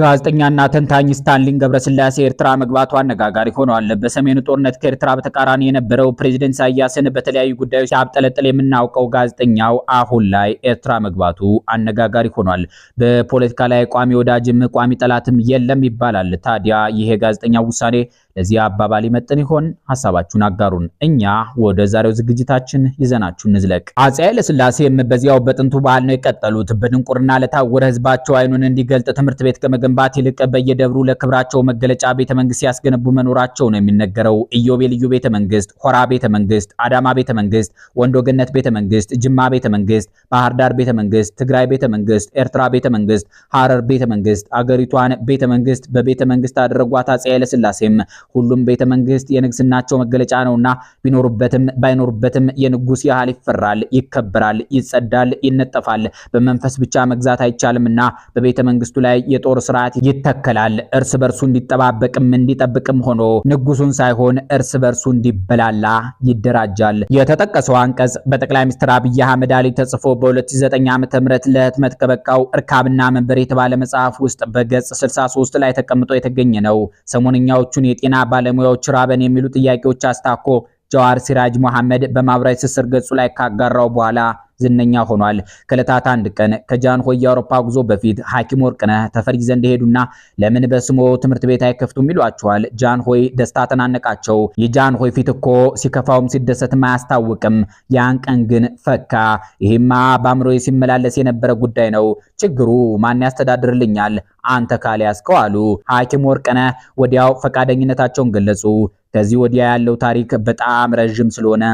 ጋዜጠኛና ተንታኝ ስታንሊን ገብረስላሴ ኤርትራ መግባቱ አነጋጋሪ ሆኗል። በሰሜኑ ጦርነት ከኤርትራ በተቃራኒ የነበረው ፕሬዚደንት ኢሳያስን በተለያዩ ጉዳዮች አብጠለጥል የምናውቀው ጋዜጠኛው አሁን ላይ ኤርትራ መግባቱ አነጋጋሪ ሆኗል። በፖለቲካ ላይ ቋሚ ወዳጅም ቋሚ ጠላትም የለም ይባላል። ታዲያ ይሄ ጋዜጠኛ ውሳኔ ለዚህ አባባል ይመጥን ይሆን? ሐሳባችሁን አጋሩን። እኛ ወደ ዛሬው ዝግጅታችን ይዘናችሁ እንዝለቅ። አፄ ኃይለ ሥላሴም በዚያው በጥንቱ ባህል ነው የቀጠሉት። በድንቁርና ለታወረ ህዝባቸው አይኑን እንዲገልጥ ትምህርት ቤት ከመገንባት ይልቅ በየደብሩ ለክብራቸው መገለጫ ቤተ መንግስት ያስገነቡ መኖራቸው ነው የሚነገረው። ኢዮቤልዩ ቤተ መንግስት፣ ሆራ ቤተ መንግስት፣ አዳማ ቤተ መንግስት፣ ወንዶገነት ቤተ መንግስት፣ ጅማ ቤተ መንግስት፣ ባህር ዳር ቤተ መንግስት፣ ትግራይ ቤተ መንግስት፣ ኤርትራ ቤተ መንግስት፣ ሐረር ቤተ መንግስት፣ አገሪቷን ቤተ መንግስት በቤተ መንግስት አደረጓት። አፄ ኃይለስላሴም። ሁሉም ቤተ መንግስት የንግስናቸው መገለጫ ነውና ቢኖሩበትም ባይኖሩበትም የንጉስ ያህል ይፈራል፣ ይከበራል፣ ይጸዳል፣ ይነጠፋል። በመንፈስ ብቻ መግዛት አይቻልምና በቤተ መንግስቱ ላይ የጦር ስርዓት ይተከላል። እርስ በርሱ እንዲጠባበቅም እንዲጠብቅም ሆኖ ንጉሱን ሳይሆን እርስ በርሱ እንዲበላላ ይደራጃል። የተጠቀሰው አንቀጽ በጠቅላይ ሚኒስትር አብይ አህመድ አሊ ተጽፎ በ2009 ዓ.ም ለህትመት ከበቃው እርካብና መንበር የተባለ መጽሐፍ ውስጥ በገጽ 63 ላይ ተቀምጦ የተገኘ ነው። ሰሞነኛዎቹን የጤና ባለሙያዎች ራበን የሚሉ ጥያቄዎች አስታኮ ጀዋር ሲራጅ መሐመድ በማህበራዊ ትስስር ገጹ ላይ ካጋራው በኋላ ዝነኛ ሆኗል። ከዕለታት አንድ ቀን ከጃንሆይ የአውሮፓ ጉዞ በፊት ሐኪም ወርቅነህ ተፈሪ ዘንድ ሄዱና ለምን በስሞ ትምህርት ቤት አይከፍቱም ይሏቸዋል። ጃንሆይ ደስታ ተናነቃቸው። የጃንሆይ ፊት እኮ ሲከፋውም ሲደሰትም አያስታውቅም። ያን ቀን ግን ፈካ። ይሄማ በአእምሮዬ ሲመላለስ የነበረ ጉዳይ ነው። ችግሩ ማን ያስተዳድርልኛል አንተ ካልያዝከው አሉ። ሐኪም ወርቅነህ ወዲያው ፈቃደኝነታቸውን ገለጹ። ከዚህ ወዲያ ያለው ታሪክ በጣም ረዥም ስለሆነ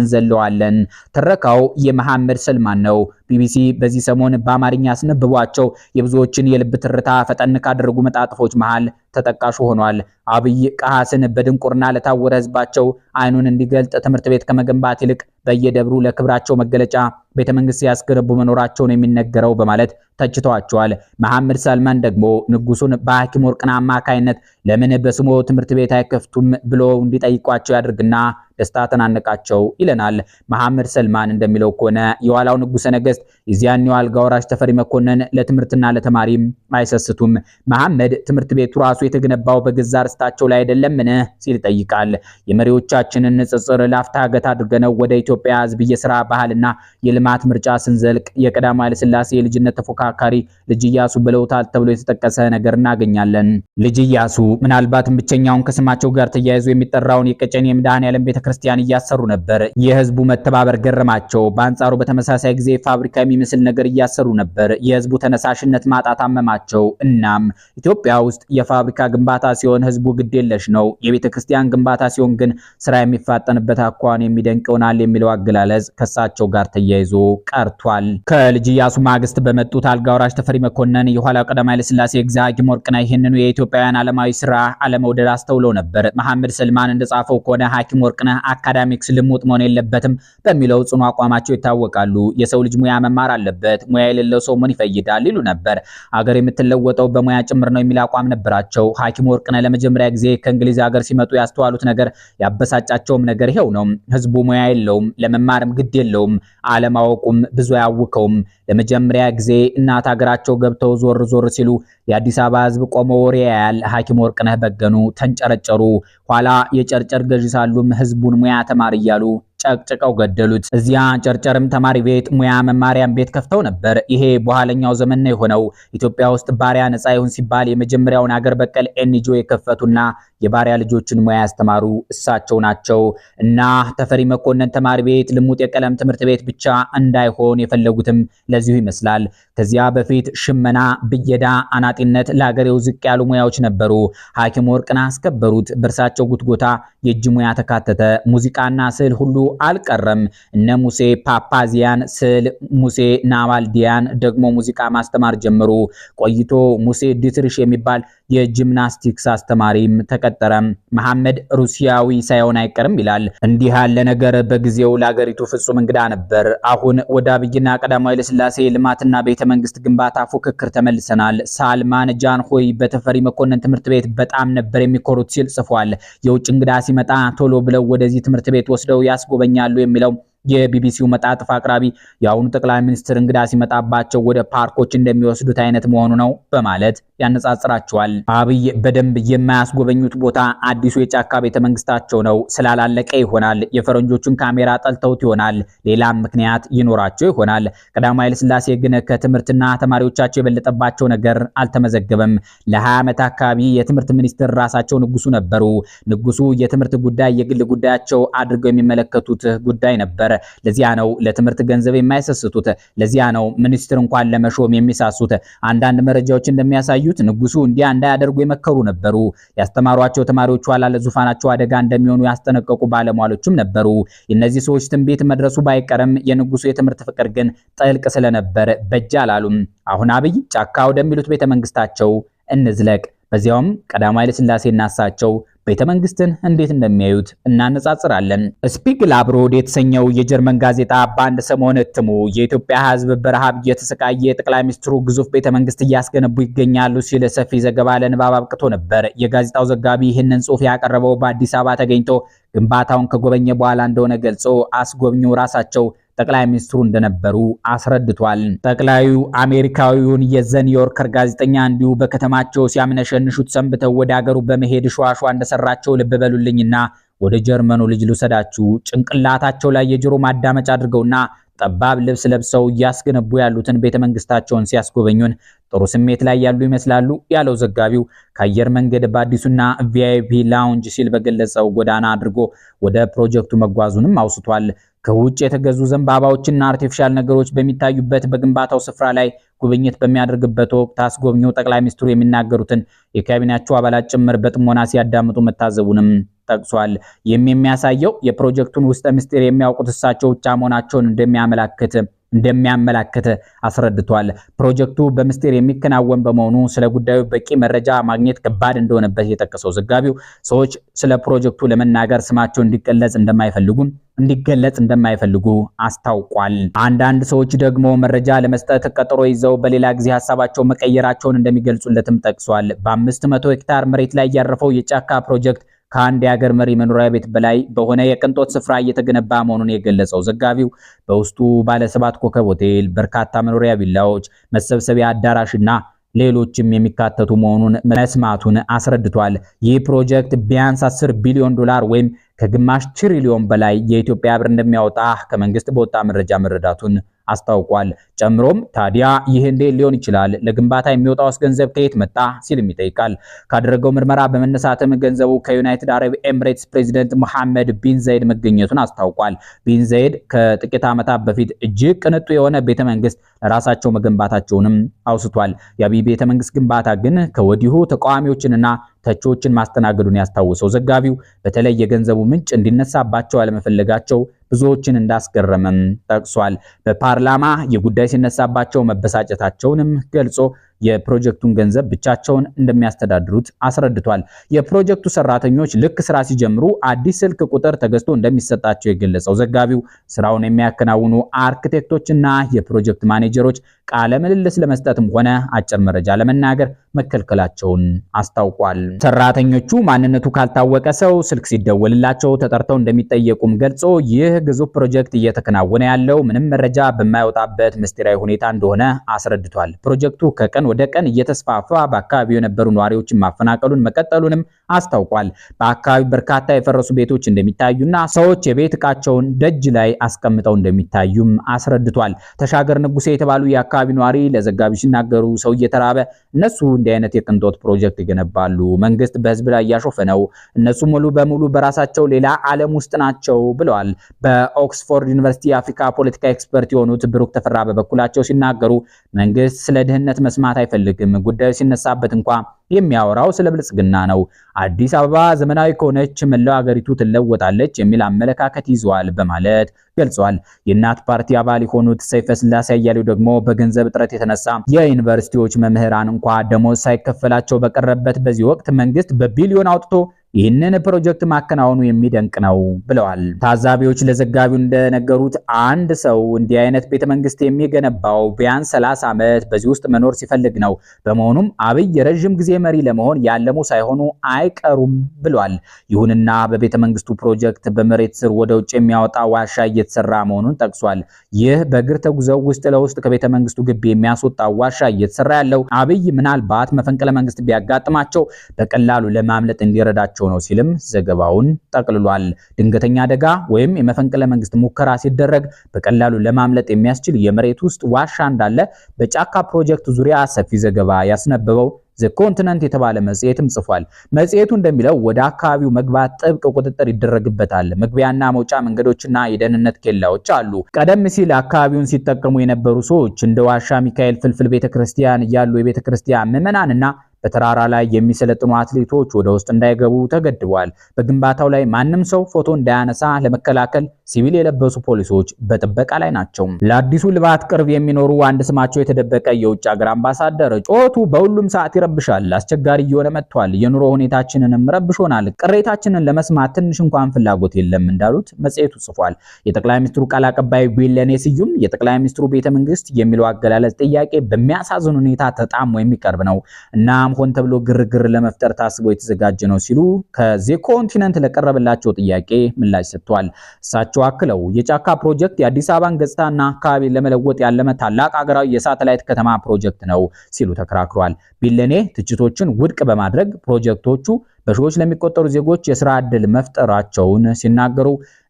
እንዘለዋለን። ትረካው የመሐመድ ሰልማን ነው። ቢቢሲ በዚህ ሰሞን በአማርኛ አስነብቧቸው የብዙዎችን የልብ ትርታ ፈጠን ካደረጉ መጣጥፎች መሃል ተጠቃሹ ሆኗል። አብይ ቀሃስን በድንቁርና ለታወረ ህዝባቸው አይኑን እንዲገልጥ ትምህርት ቤት ከመገንባት ይልቅ በየደብሩ ለክብራቸው መገለጫ ቤተመንግስት ያስገረቡ መኖራቸውን የሚነገረው በማለት ተችተዋቸዋል። መሐመድ ሰልማን ደግሞ ንጉሱን በሐኪም ወርቅና አማካይነት ለምን በስሞ ትምህርት ቤት አይከፍቱም ብሎ እንዲጠይቋቸው ያድርግና ደስታ ተናነቃቸው ይለናል። መሐመድ ሰልማን እንደሚለው ከሆነ የኋላው ንጉሰ ነገስት የዚያኔው አልጋ ወራሽ ተፈሪ መኮንን ለትምህርትና ለተማሪም አይሰስቱም። መሐመድ ትምህርት ቤቱ ራሱ የተገነባው በገዛ ርስታቸው ላይ አይደለምን ሲል ይጠይቃል። የመሪዎቻችንን ንጽጽር ላፍታ ገታ አድርገነው ወደ ኢትዮጵያ ህዝብ የስራ ባህልና የልማት ምርጫ ስንዘልቅ የቀዳማዊ ኃይለ ሥላሴ የልጅነት ተፎካካሪ ልጅ ኢያሱ ብለውታል ተብሎ የተጠቀሰ ነገር እናገኛለን። ልጅ ኢያሱ ምናልባትም ብቸኛውን ከስማቸው ጋር ተያይዞ የሚጠራውን የቀጨኔ የመድኃኔዓለም ቤተክርስቲያን እያሰሩ ነበር። የህዝቡ መተባበር ገረማቸው። በአንጻሩ በተመሳሳይ ጊዜ ፋብሪካ የሚመስል ነገር እያሰሩ ነበር። የህዝቡ ተነሳሽነት ማጣት አመማቸው። ናቸው። እናም ኢትዮጵያ ውስጥ የፋብሪካ ግንባታ ሲሆን ህዝቡ ግድ የለሽ ነው። የቤተ ክርስቲያን ግንባታ ሲሆን ግን ስራ የሚፋጠንበት አኳኋን የሚደንቅ ይሆናል የሚለው አገላለጽ ከሳቸው ጋር ተያይዞ ቀርቷል። ከልጅ ኢያሱ ማግስት በመጡት አልጋ ወራሽ ተፈሪ መኮንን የኋላው ቀዳማዊ ኃይለ ሥላሴ ኤግዛጊም ወርቅና ይህንኑ የኢትዮጵያውያን ዓለማዊ ስራ አለመውደድ አስተውለው ነበር። መሐመድ ሰልማን እንደጻፈው ከሆነ ሐኪም ወርቅነህ አካዳሚክስ ልሙጥ መሆን የለበትም በሚለው ጽኑ አቋማቸው ይታወቃሉ። የሰው ልጅ ሙያ መማር አለበት፣ ሙያ የሌለው ሰው ምን ይፈይዳል ይሉ ነበር። አገር የምትለወጠው በሙያ ጭምር ነው የሚል አቋም ነበራቸው። ሐኪም ወርቅነህ ለመጀመሪያ ጊዜ ከእንግሊዝ ሀገር ሲመጡ ያስተዋሉት ነገር ያበሳጫቸውም ነገር ይሄው ነው። ህዝቡ ሙያ የለውም፣ ለመማርም ግድ የለውም፣ አለማወቁም ብዙ አያውከውም። ለመጀመሪያ ጊዜ እናት ሀገራቸው ገብተው ዞር ዞር ሲሉ የአዲስ አበባ ህዝብ ቆሞ ወሬ ያያል። ሐኪም ወርቅነህ በገኑ ተንጨረጨሩ። ኋላ የጨርጨር ገዢ ሳሉም ህዝቡን ሙያ ተማር እያሉ ጨቅጭቀው ገደሉት። እዚያ ጨርጨርም ተማሪ ቤት ሙያ መማሪያም ቤት ከፍተው ነበር። ይሄ በኋለኛው ዘመን ነው የሆነው። ኢትዮጵያ ውስጥ ባሪያ ነፃ ይሁን ሲባል የመጀመሪያውን አገር በቀል ኤንጂኦ የከፈቱና የባሪያ ልጆችን ሙያ ያስተማሩ እሳቸው ናቸው እና ተፈሪ መኮንን ተማሪ ቤት ልሙጥ የቀለም ትምህርት ቤት ብቻ እንዳይሆን የፈለጉትም ለዚሁ ይመስላል። ከዚያ በፊት ሽመና፣ ብየዳ፣ አናጢነት ለሀገሬው ዝቅ ያሉ ሙያዎች ነበሩ። ሐኪም ወርቅን አስከበሩት። በእርሳቸው ጉትጎታ የእጅ ሙያ ተካተተ። ሙዚቃና ስዕል ሁሉ አልቀረም። እነ ሙሴ ፓፓዚያን ስዕል፣ ሙሴ ናባልዲያን ደግሞ ሙዚቃ ማስተማር ጀመሩ። ቆይቶ ሙሴ ዲትርሽ የሚባል የጂምናስቲክስ አስተማሪም ተቀ ተፈጠረ። መሐመድ ሩሲያዊ ሳይሆን አይቀርም ይላል። እንዲህ ያለ ነገር በጊዜው ለአገሪቱ ፍጹም እንግዳ ነበር። አሁን ወደ አብይና ቀዳማዊ ኃይለሥላሴ ልማትና ቤተ መንግስት ግንባታ ፉክክር ተመልሰናል። ሳልማን ጃንሆይ በተፈሪ መኮንን ትምህርት ቤት በጣም ነበር የሚኮሩት ሲል ጽፏል። የውጭ እንግዳ ሲመጣ ቶሎ ብለው ወደዚህ ትምህርት ቤት ወስደው ያስጎበኛሉ የሚለው የቢቢሲው መጣጥፍ አቅራቢ የአሁኑ ጠቅላይ ሚኒስትር እንግዳ ሲመጣባቸው ወደ ፓርኮች እንደሚወስዱት አይነት መሆኑ ነው በማለት ያነጻጽራቸዋል። አብይ በደንብ የማያስጎበኙት ቦታ አዲሱ የጫካ ቤተ መንግስታቸው ነው። ስላላለቀ ይሆናል። የፈረንጆቹን ካሜራ ጠልተውት ይሆናል። ሌላም ምክንያት ይኖራቸው ይሆናል። ቀዳማዊ ኃይለሥላሴ ግን ከትምህርትና ተማሪዎቻቸው የበለጠባቸው ነገር አልተመዘገበም። ለሀያ ዓመት አካባቢ የትምህርት ሚኒስትር ራሳቸው ንጉሱ ነበሩ። ንጉሱ የትምህርት ጉዳይ የግል ጉዳያቸው አድርገው የሚመለከቱት ጉዳይ ነበር። ለዚያ ነው ለትምህርት ገንዘብ የማይሰስቱት። ለዚያ ነው ሚኒስትር እንኳን ለመሾም የሚሳሱት። አንዳንድ መረጃዎች እንደሚያሳዩት ንጉሱ እንዲያ እንዳያደርጉ የመከሩ ነበሩ። ያስተማሯቸው ተማሪዎች ኋላ ለዙፋናቸው አደጋ እንደሚሆኑ ያስጠነቀቁ ባለሟሎችም ነበሩ። የእነዚህ ሰዎች ትንቢት መድረሱ ባይቀርም የንጉሱ የትምህርት ፍቅር ግን ጥልቅ ስለነበር በጅ አላሉም። አሁን አብይ ጫካ ወደሚሉት ቤተ መንግስታቸው እንዝለቅ። በዚያውም ቀዳማዊ ኃይለ ሥላሴ እናሳቸው ቤተ መንግስትን እንዴት እንደሚያዩት እናነጻጽራለን። ስፒግል አብሮድ የተሰኘው የጀርመን ጋዜጣ በአንድ ሰሞን እትሙ የኢትዮጵያ ሕዝብ በረሃብ እየተሰቃየ ጠቅላይ ሚኒስትሩ ግዙፍ ቤተ መንግስት እያስገነቡ ይገኛሉ ሲል ሰፊ ዘገባ ለንባብ አብቅቶ ነበር። የጋዜጣው ዘጋቢ ይህንን ጽሑፍ ያቀረበው በአዲስ አበባ ተገኝቶ ግንባታውን ከጎበኘ በኋላ እንደሆነ ገልጾ አስጎብኚው ራሳቸው ጠቅላይ ሚኒስትሩ እንደነበሩ አስረድቷል። ጠቅላዩ አሜሪካዊውን የዘ ጋዜጠኛ እንዲሁ በከተማቸው ሲያምነሸንሹት ሰንብተው ወደ አገሩ በመሄድ ሸዋሸዋ እንደሰራቸው ልብ በሉልኝና ወደ ጀርመኑ ልጅ ልውሰዳችሁ። ጭንቅላታቸው ላይ የጆሮ ማዳመጫ አድርገውና ጠባብ ልብስ ለብሰው እያስገነቡ ያሉትን ቤተ መንግስታቸውን ሲያስጎበኙን ጥሩ ስሜት ላይ ያሉ ይመስላሉ ያለው ዘጋቢው ከአየር መንገድ በአዲሱና ቪአይፒ ላውንጅ ሲል በገለጸው ጎዳና አድርጎ ወደ ፕሮጀክቱ መጓዙንም አውስቷል። ከውጭ የተገዙ ዘንባባዎችና አርቲፊሻል ነገሮች በሚታዩበት በግንባታው ስፍራ ላይ ጉብኝት በሚያደርግበት ወቅት አስጎብኚው ጠቅላይ ሚኒስትሩ የሚናገሩትን የካቢኔያቸው አባላት ጭምር በጥሞና ሲያዳምጡ መታዘቡንም ጠቅሷል። ይህም የሚያሳየው የፕሮጀክቱን ውስጠ ምስጢር የሚያውቁት እሳቸው ብቻ መሆናቸውን እንደሚያመላክት እንደሚያመላክት አስረድቷል። ፕሮጀክቱ በምስጢር የሚከናወን በመሆኑ ስለ ጉዳዩ በቂ መረጃ ማግኘት ከባድ እንደሆነበት የጠቀሰው ዘጋቢው ሰዎች ስለ ፕሮጀክቱ ለመናገር ስማቸው እንዲገለጽ እንደማይፈልጉ እንዲገለጽ እንደማይፈልጉ አስታውቋል። አንዳንድ ሰዎች ደግሞ መረጃ ለመስጠት ቀጠሮ ይዘው በሌላ ጊዜ ሀሳባቸው መቀየራቸውን እንደሚገልጹለትም ጠቅሷል። በአምስት መቶ ሄክታር መሬት ላይ ያረፈው የጫካ ፕሮጀክት ከአንድ የሀገር መሪ መኖሪያ ቤት በላይ በሆነ የቅንጦት ስፍራ እየተገነባ መሆኑን የገለጸው ዘጋቢው በውስጡ ባለሰባት ኮከብ ሆቴል፣ በርካታ መኖሪያ ቪላዎች፣ መሰብሰቢያ አዳራሽና ሌሎችም የሚካተቱ መሆኑን መስማቱን አስረድቷል። ይህ ፕሮጀክት ቢያንስ 10 ቢሊዮን ዶላር ወይም ከግማሽ ትሪሊዮን በላይ የኢትዮጵያ ብር እንደሚያወጣ ከመንግስት በወጣ መረጃ መረዳቱን አስታውቋል። ጨምሮም ታዲያ ይህ እንዴት ሊሆን ይችላል? ለግንባታ የሚወጣውስ ገንዘብ ከየት መጣ? ሲልም ይጠይቃል። ካደረገው ምርመራ በመነሳትም ገንዘቡ ከዩናይትድ አረብ ኤምሬትስ ፕሬዚደንት መሐመድ ቢን ዘይድ መገኘቱን አስታውቋል። ቢን ዘይድ ከጥቂት ዓመታት በፊት እጅግ ቅንጡ የሆነ ቤተ መንግስት ለራሳቸው መገንባታቸውንም አውስቷል። የአብይ ቤተ መንግስት ግንባታ ግን ከወዲሁ ተቃዋሚዎችንና ተቺዎችን ማስተናገዱን ያስታውሰው ዘጋቢው በተለይ የገንዘቡ ምንጭ እንዲነሳባቸው አለመፈለጋቸው ብዙዎችን እንዳስገረመም ጠቅሷል። በፓርላማ የጉዳይ ሲነሳባቸው መበሳጨታቸውንም ገልጾ የፕሮጀክቱን ገንዘብ ብቻቸውን እንደሚያስተዳድሩት አስረድቷል። የፕሮጀክቱ ሰራተኞች ልክ ስራ ሲጀምሩ አዲስ ስልክ ቁጥር ተገዝቶ እንደሚሰጣቸው የገለጸው ዘጋቢው ስራውን የሚያከናውኑ አርክቴክቶችና የፕሮጀክት ማኔጀሮች ቃለ ምልልስ ለመስጠትም ሆነ አጭር መረጃ ለመናገር መከልከላቸውን አስታውቋል። ሰራተኞቹ ማንነቱ ካልታወቀ ሰው ስልክ ሲደወልላቸው ተጠርተው እንደሚጠየቁም ገልጾ ይህ ግዙፍ ፕሮጀክት እየተከናወነ ያለው ምንም መረጃ በማይወጣበት ምስጢራዊ ሁኔታ እንደሆነ አስረድቷል። ፕሮጀክቱ ከቀን ወደ ቀን እየተስፋፋ በአካባቢው የነበሩ ነዋሪዎችን ማፈናቀሉን መቀጠሉንም አስታውቋል። በአካባቢው በርካታ የፈረሱ ቤቶች እንደሚታዩና ሰዎች የቤት እቃቸውን ደጅ ላይ አስቀምጠው እንደሚታዩም አስረድቷል። ተሻገር ንጉሴ የተባሉ የአካባቢ ነዋሪ ለዘጋቢ ሲናገሩ ሰው እየተራበ እነሱ እንዲህ አይነት የቅንጦት ፕሮጀክት ይገነባሉ፣ መንግስት በህዝብ ላይ እያሾፈ ነው፣ እነሱ ሙሉ በሙሉ በራሳቸው ሌላ ዓለም ውስጥ ናቸው ብለዋል። በኦክስፎርድ ዩኒቨርሲቲ የአፍሪካ ፖለቲካ ኤክስፐርት የሆኑት ብሩክ ተፈራ በበኩላቸው ሲናገሩ መንግስት ስለ ድህነት መስማት መስማት አይፈልግም። ጉዳዩ ሲነሳበት እንኳ የሚያወራው ስለ ብልጽግና ነው። አዲስ አበባ ዘመናዊ ከሆነች መላው አገሪቱ ትለወጣለች የሚል አመለካከት ይዟል በማለት ገልጿል። የእናት ፓርቲ አባል የሆኑት ሰይፈ ስላሴ አያሌው ደግሞ በገንዘብ እጥረት የተነሳ የዩኒቨርሲቲዎች መምህራን እንኳ ደሞዝ ሳይከፈላቸው በቀረበት በዚህ ወቅት መንግስት በቢሊዮን አውጥቶ ይህንን ፕሮጀክት ማከናወኑ የሚደንቅ ነው ብለዋል። ታዛቢዎች ለዘጋቢው እንደነገሩት አንድ ሰው እንዲህ አይነት ቤተመንግስት የሚገነባው ቢያንስ 30 ዓመት በዚህ ውስጥ መኖር ሲፈልግ ነው። በመሆኑም አብይ የረዥም ጊዜ መሪ ለመሆን ያለሙ ሳይሆኑ አይቀሩም ብሏል። ይሁንና በቤተመንግስቱ ፕሮጀክት በመሬት ስር ወደ ውጭ የሚያወጣ ዋሻ እየተሰራ መሆኑን ጠቅሷል። ይህ በእግር ተጉዘው ውስጥ ለውስጥ ከቤተመንግስቱ ግቢ የሚያስወጣ ዋሻ እየተሰራ ያለው አብይ ምናልባት መፈንቅለ መንግስት ቢያጋጥማቸው በቀላሉ ለማምለጥ እንዲረዳቸው እየተደረገባቸው ነው ሲልም ዘገባውን ጠቅልሏል። ድንገተኛ አደጋ ወይም የመፈንቅለ መንግስት ሙከራ ሲደረግ በቀላሉ ለማምለጥ የሚያስችል የመሬት ውስጥ ዋሻ እንዳለ በጫካ ፕሮጀክት ዙሪያ ሰፊ ዘገባ ያስነበበው ዘ ኮንቲነንት የተባለ መጽሔትም ጽፏል። መጽሔቱ እንደሚለው ወደ አካባቢው መግባት ጥብቅ ቁጥጥር ይደረግበታል። መግቢያና መውጫ መንገዶችና የደህንነት ኬላዎች አሉ። ቀደም ሲል አካባቢውን ሲጠቀሙ የነበሩ ሰዎች እንደ ዋሻ ሚካኤል ፍልፍል ቤተክርስቲያን እያሉ የቤተክርስቲያን ምዕመናንና በተራራ ላይ የሚሰለጥኑ አትሌቶች ወደ ውስጥ እንዳይገቡ ተገድቧል። በግንባታው ላይ ማንም ሰው ፎቶ እንዳያነሳ ለመከላከል ሲቪል የለበሱ ፖሊሶች በጥበቃ ላይ ናቸው። ለአዲሱ ልባት ቅርብ የሚኖሩ አንድ ስማቸው የተደበቀ የውጭ ሀገር አምባሳደር ጩኸቱ በሁሉም ሰዓት ይረብሻል፣ አስቸጋሪ እየሆነ መጥቷል፣ የኑሮ ሁኔታችንንም ረብሾናል፣ ቅሬታችንን ለመስማት ትንሽ እንኳን ፍላጎት የለም እንዳሉት መጽሔቱ ጽፏል። የጠቅላይ ሚኒስትሩ ቃል አቀባይ ቢለኔ ስዩም የጠቅላይ ሚኒስትሩ ቤተ መንግስት የሚለው አገላለጽ ጥያቄ በሚያሳዝን ሁኔታ ተጣሞ የሚቀርብ ነው እናም ሆን ተብሎ ግርግር ለመፍጠር ታስቦ የተዘጋጀ ነው ሲሉ ከዜ ኮንቲነንት ለቀረበላቸው ጥያቄ ምላሽ ሰጥቷል። እሳቸው አክለው የጫካ ፕሮጀክት የአዲስ አበባን ገጽታና አካባቢ ለመለወጥ ያለመ ታላቅ ሀገራዊ የሳተላይት ከተማ ፕሮጀክት ነው ሲሉ ተከራክሯል። ቢለኔ ትችቶችን ውድቅ በማድረግ ፕሮጀክቶቹ በሺዎች ለሚቆጠሩ ዜጎች የስራ ዕድል መፍጠራቸውን ሲናገሩ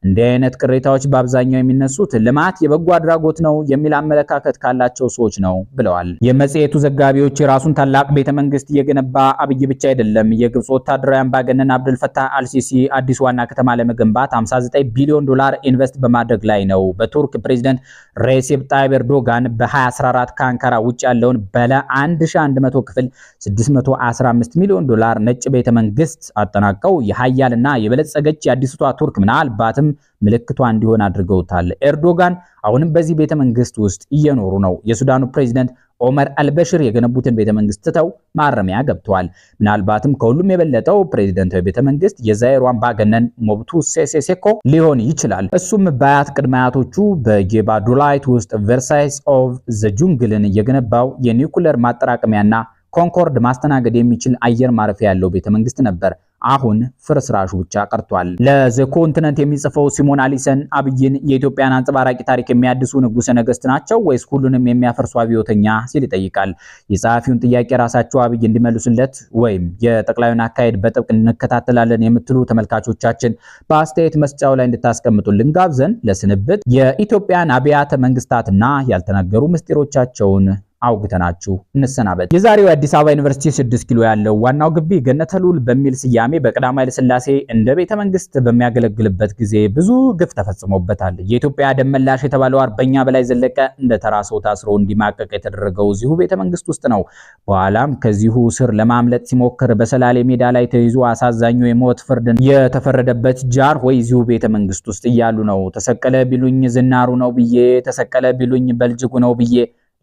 እንዲህ አይነት ቅሬታዎች በአብዛኛው የሚነሱት ልማት የበጎ አድራጎት ነው የሚል አመለካከት ካላቸው ሰዎች ነው ብለዋል። የመጽሔቱ ዘጋቢዎች የራሱን ታላቅ ቤተ መንግስት እየገነባ አብይ ብቻ አይደለም። የግብፅ ወታደራዊ አምባገነን አብደልፈታህ አልሲሲ አዲስ ዋና ከተማ ለመገንባት 59 ቢሊዮን ዶላር ኢንቨስት በማድረግ ላይ ነው። በቱርክ ፕሬዚደንት ሬሴፕ ጣይብ ኤርዶጋን በ2014 ከአንካራ ውጭ ያለውን ባለ 1100 ክፍል 615 ሚሊዮን ዶላር ነጭ ቤተ መንግስት ትዕግስት አጠናቀው የሀያልና የበለጸገች የአዲስቷ ቱርክ ምናልባትም ምልክቷ እንዲሆን አድርገውታል። ኤርዶጋን አሁንም በዚህ ቤተመንግስት ውስጥ እየኖሩ ነው። የሱዳኑ ፕሬዚደንት ኦመር አልበሽር የገነቡትን ቤተመንግስት ትተው ማረሚያ ገብተዋል። ምናልባትም ከሁሉም የበለጠው ፕሬዚደንታዊ ቤተመንግስት የዛይሩ አምባገነን ሞብቱ ሴሴሴኮ ሊሆን ይችላል። እሱም በአያት ቅድመ አያቶቹ በጌባዱላይት ውስጥ ቨርሳይስ ኦፍ ዘ ጁንግልን የገነባው የኒውክለር ማጠራቀሚያና ኮንኮርድ ማስተናገድ የሚችል አየር ማረፊያ ያለው ቤተመንግስት ነበር። አሁን ፍርስራሹ ብቻ ቀርቷል። ለዘ ኮንቲነንት የሚጽፈው ሲሞን አሊሰን አብይን የኢትዮጵያን አንጸባራቂ ታሪክ የሚያድሱ ንጉሰ ነገስት ናቸው ወይስ ሁሉንም የሚያፈርሱ አብዮተኛ ሲል ይጠይቃል። የጸሐፊውን ጥያቄ ራሳቸው አብይ እንዲመልሱለት ወይም የጠቅላዩን አካሄድ በጥብቅ እንከታተላለን የምትሉ ተመልካቾቻችን በአስተያየት መስጫው ላይ እንድታስቀምጡልን ጋብዘን ለስንብት የኢትዮጵያን አብያተ መንግስታትና ያልተናገሩ ምስጢሮቻቸውን አውግተናችሁ እንሰናበት። የዛሬው የአዲስ አበባ ዩኒቨርሲቲ 6 ኪሎ ያለው ዋናው ግቢ ገነተ ሉል በሚል ስያሜ በቀዳማዊ ኃይለ ሥላሴ እንደ ቤተ መንግስት በሚያገለግልበት ጊዜ ብዙ ግፍ ተፈጽሞበታል። የኢትዮጵያ ደም መላሽ የተባለው አርበኛ በላይ ዘለቀ እንደ ተራ ሰው ታስሮ እንዲማቀቅ የተደረገው እዚሁ ቤተ መንግስት ውስጥ ነው። በኋላም ከዚሁ ስር ለማምለጥ ሲሞክር በሰላሌ ሜዳ ላይ ተይዞ አሳዛኙ የሞት ፍርድ የተፈረደበት ጃር ወይ እዚሁ ቤተ መንግስት ውስጥ እያሉ ነው። ተሰቀለ ቢሉኝ ዝናሩ ነው ብዬ ተሰቀለ ቢሉኝ በልጅጉ ነው ብዬ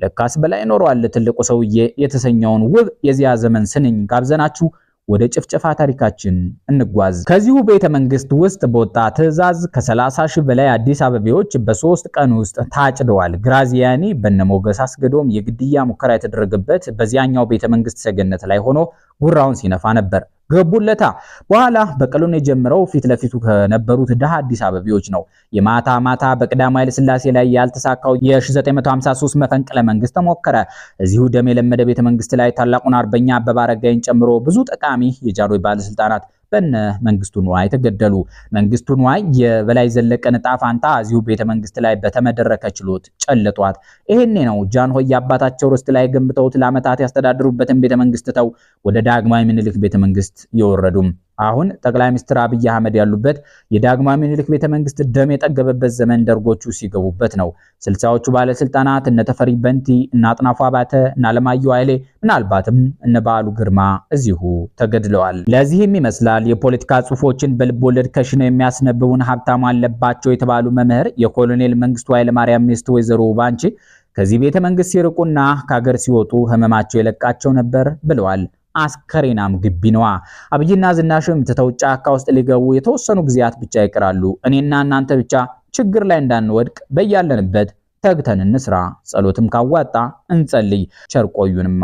ለካስ በላይ ኖሯል ትልቁ ሰውዬ የተሰኘውን ውብ የዚያ ዘመን ስንኝ ጋብዘናችሁ ወደ ጭፍጨፋ ታሪካችን እንጓዝ። ከዚሁ ቤተ መንግስት ውስጥ በወጣ ትዕዛዝ ከ30 ሺህ በላይ አዲስ አበቤዎች በሶስት ቀን ውስጥ ታጭደዋል። ግራዚያኒ በነሞገስ አስገዶም የግድያ ሙከራ የተደረገበት በዚያኛው ቤተ መንግስት ሰገነት ላይ ሆኖ ጉራውን ሲነፋ ነበር። ገቡለታ። በኋላ በቀሎን የጀምረው ፊት ለፊቱ ከነበሩት ደሃ አዲስ አበቢዎች ነው። የማታ ማታ በቀዳማዊ ኃይለ ሥላሴ ላይ ያልተሳካው የ1953 መፈንቅለ መንግስት ተሞከረ። እዚሁ ደም የለመደ ቤተ መንግስት ላይ ታላቁን አርበኛ አበባ አረጋይን ጨምሮ ብዙ ጠቃሚ የጃንሆይ ባለስልጣናት በነ መንግስቱ ንዋይ ተገደሉ። መንግስቱ ንዋይ የበላይ ዘለቀን ዕጣ ፋንታ እዚሁ ቤተ መንግስት ላይ በተመደረከ ችሎት ጨልጧት። ይሄኔ ነው ጃንሆይ አባታቸው ርስት ላይ ገንብተውት ለዓመታት ያስተዳድሩበትን ቤተ መንግስት ተው ወደ ዳግማዊ ምኒልክ ቤተ መንግስት የወረዱም። አሁን ጠቅላይ ሚኒስትር አብይ አህመድ ያሉበት የዳግማዊ ምኒልክ ቤተመንግስት ደም የጠገበበት ዘመን ደርጎቹ ሲገቡበት ነው። ስልሳዎቹ ባለስልጣናት እነ ተፈሪ በንቲ እና አጥናፉ አባተ እና አለማየሁ ኃይሌ ምናልባትም እነ በዓሉ ግርማ እዚሁ ተገድለዋል። ለዚህም ይመስላል የፖለቲካ ጽሁፎችን በልብ ወለድ ከሽነው የሚያስነብቡን ሀብታሙ አለባቸው የተባሉ መምህር የኮሎኔል መንግስቱ ኃይለማርያም ሚስት ወይዘሮ ባንቺ ከዚህ ቤተመንግስት ሲርቁና ከሀገር ሲወጡ ህመማቸው የለቃቸው ነበር ብለዋል። አስከሬናም ግቢ ነዋ። አብይና ዝናሽም ትተው ጫካ ውስጥ ሊገቡ የተወሰኑ ጊዜያት ብቻ ይቀራሉ። እኔና እናንተ ብቻ ችግር ላይ እንዳንወድቅ በያለንበት ተግተን እንስራ። ጸሎትም ካዋጣ እንጸልይ። ቸርቆዩንማ